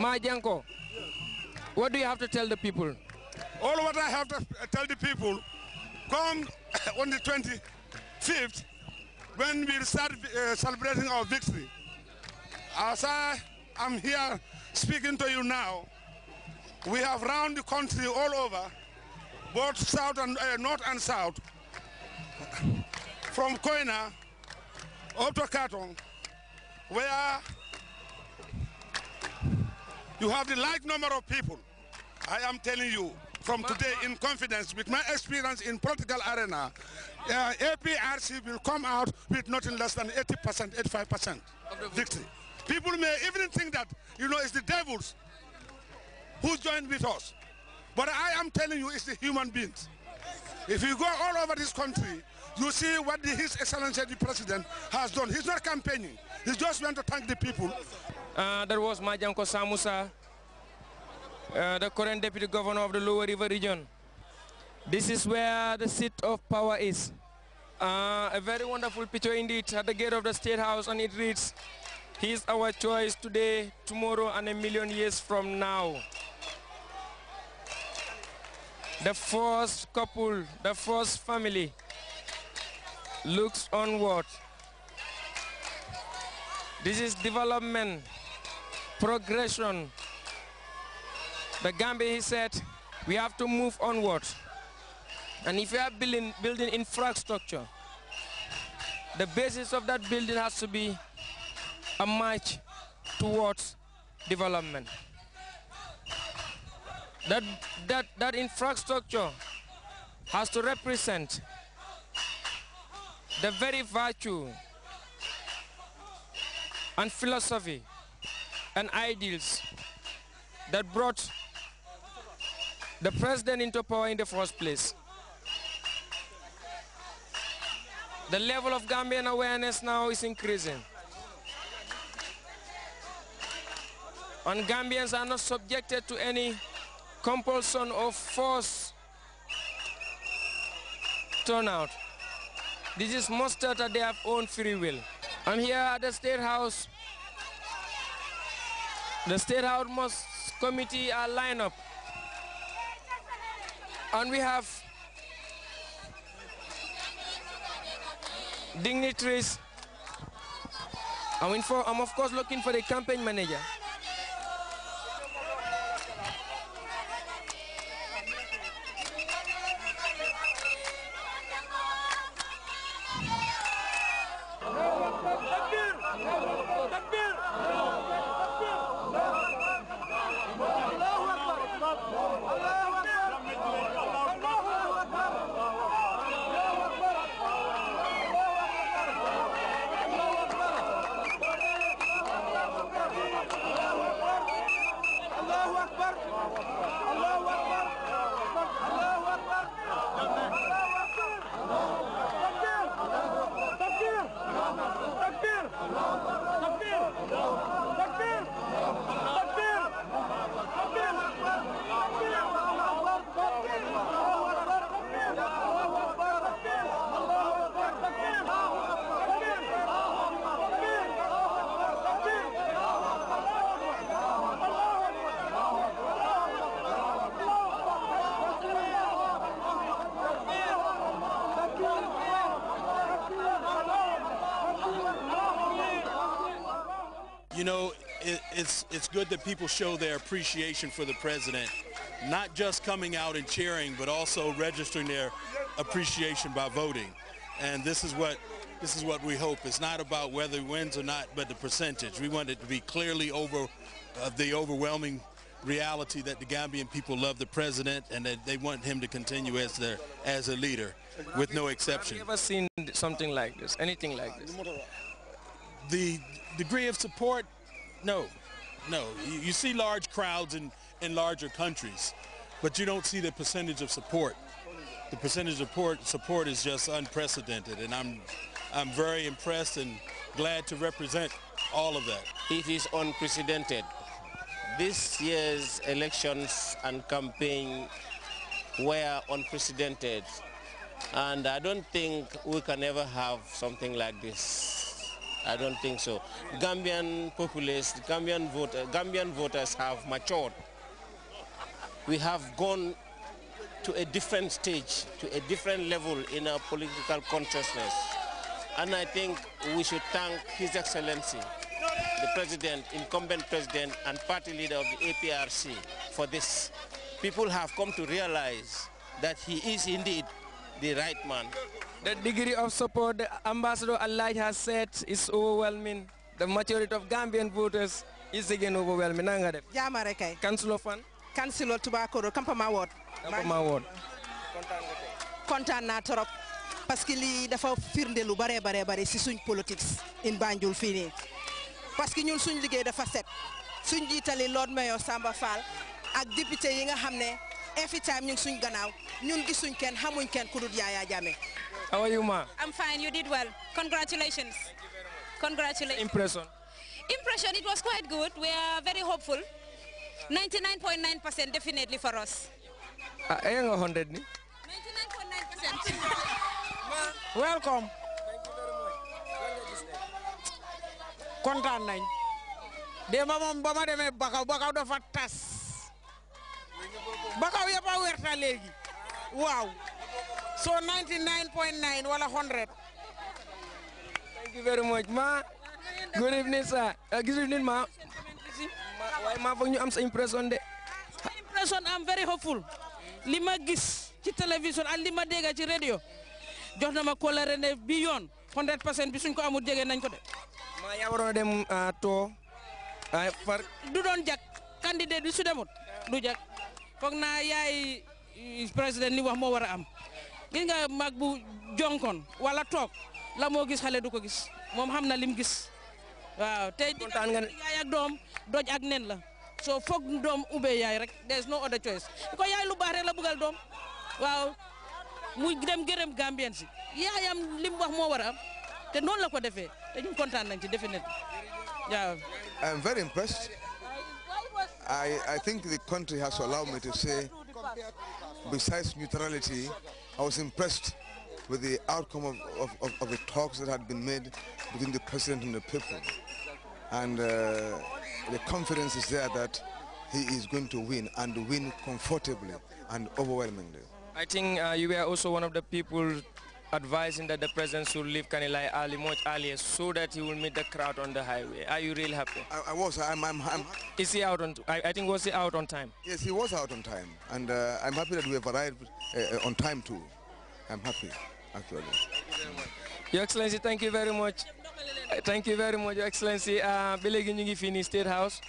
Majanko, what do you have to tell the people? All what I have to tell the people, come on the 25th, when we start uh, celebrating our victory. As I am here speaking to you now, we have round the country all over, both south and uh, north and south, from Koina up to Katong, where you have the large number of people. I am telling you from today in confidence with my experience in political arena, uh, APRC will come out with nothing less than 80%, 85% victory. People may even think that, you know, it's the devils who joined with us. But I am telling you, it's the human beings. If you go all over this country, you see what the, His Excellency the President has done. He's not campaigning. He just went to thank the people uh, that was Majanko Samusa, uh, the current deputy governor of the Lower River region. This is where the seat of power is. Uh, a very wonderful picture indeed at the gate of the State House and it reads, he is our choice today, tomorrow and a million years from now. The first couple, the first family looks onward. This is development progression. The Gambia said, we have to move onward. And if you are building, building infrastructure, the basis of that building has to be a march towards development. That, that, that infrastructure has to represent the very virtue and philosophy and ideals that brought the president into power in the first place. The level of Gambian awareness now is increasing. And Gambians are not subjected to any compulsion or force turnout. This is mustered at their own free will. I'm here at the State House the State House Committee are lined up. And we have dignitaries. I'm, for, I'm of course looking for the campaign manager. you know, it, it's, it's good that people show their appreciation for the president, not just coming out and cheering, but also registering their appreciation by voting. And this is what this is what we hope. It's not about whether he wins or not, but the percentage. We want it to be clearly over uh, the overwhelming reality that the Gambian people love the president and that they want him to continue as their as a leader, with no exception. Have seen something like this? Anything like this? the degree of support, no, no. You, you see large crowds in, in larger countries, but you don't see the percentage of support. The percentage of support, support is just unprecedented, and I'm, I'm very impressed and glad to represent all of that. It is unprecedented. This year's elections and campaign were unprecedented, and I don't think we can ever have something like this I don't think so. Gambian populace, Gambian, voter, uh, Gambian voters have matured. We have gone to a different stage, to a different level in our political consciousness. And I think we should thank His Excellency, the President, incumbent President and party leader of the APRC for this. People have come to realize that he is indeed the right man the degree of support the Ambassador Allah has said is overwhelming. The majority of Gambian voters is again overwhelming. Jamare kay. Councilor Fan. Councilor Tubakoro, Kampama Ward. Kampama Ward. Kontaan naa torop parce que lii dafa firnde lu bare bare bare si suñ politics in Banjul fii nii parce que ñun suñ liggéey dafa set suñ jiitali Lord Mayor Samba Fall ak député yi nga xam every time ñu ngi suñ gannaaw ñun gisuñ kenn xamuñ kenn ku dul Yaya Jammeh how are you, ma? I'm fine. You did well. Congratulations. Thank you very much. Congratulations. Impression. Impression, it was quite good. We are very hopeful. 99.9% percent definitely for us. Uh, ah, 100 ni? 99.9%. Welcome. Thank you very much. kontaan nañ démb moom ba ma demee Bakaw Bakaw dafa tas Bakaw yëpp a werta léegi Wow. So 99.9 wala 100. Thank you very much, ma. Good evening, sir. Uh, good evening, ma. ma why ma foog ñu am sa impression de. Sa impression am very hopeful. Lima gis ci television ak lima ma ci radio jox na ma colère bi yoon 100% bi suñ ko amul jege nañ ko de. ma ya waroon a dem uh, to ay uh, far. du doon jag candidate bi su demut du jak foog yaay. président ni wax moo war a am gis nga mag bu jonkon wala toog la moo gis xale du ko gis moom xam na lim gis waaw tey kontaan nga doom doj ak nen la soo foog doom ubbee yaay rek there's no other choice yaay lu baax rek la bëggal doom waaw muy dem gërëm Gambien si yaayam lim wax moo war a am te noonu la ko defee te ñun kontaan nañ ci definitely waaw I'm very impressed I I think the country has allowed me to say besides neutrality, I was impressed with the outcome of, of, of, of the talks that had been made between the president and the people. And uh, the confidence is there that he is going to win and win comfortably and overwhelmingly. I think uh, you were also one of the people advising that the president should leave Kanilai early, much earlier, so that he will meet the crowd on the highway. Are you really happy? I, I was. I'm, I'm, I'm, Is he out on? I, I, think was he out on time? Yes, he was out on time, and uh, I'm happy that we have arrived uh, on time too. I'm happy, actually. Your Excellency, thank you very much. Thank you very much, Your Excellency. Uh, Bilegi Nyingi Fini State House.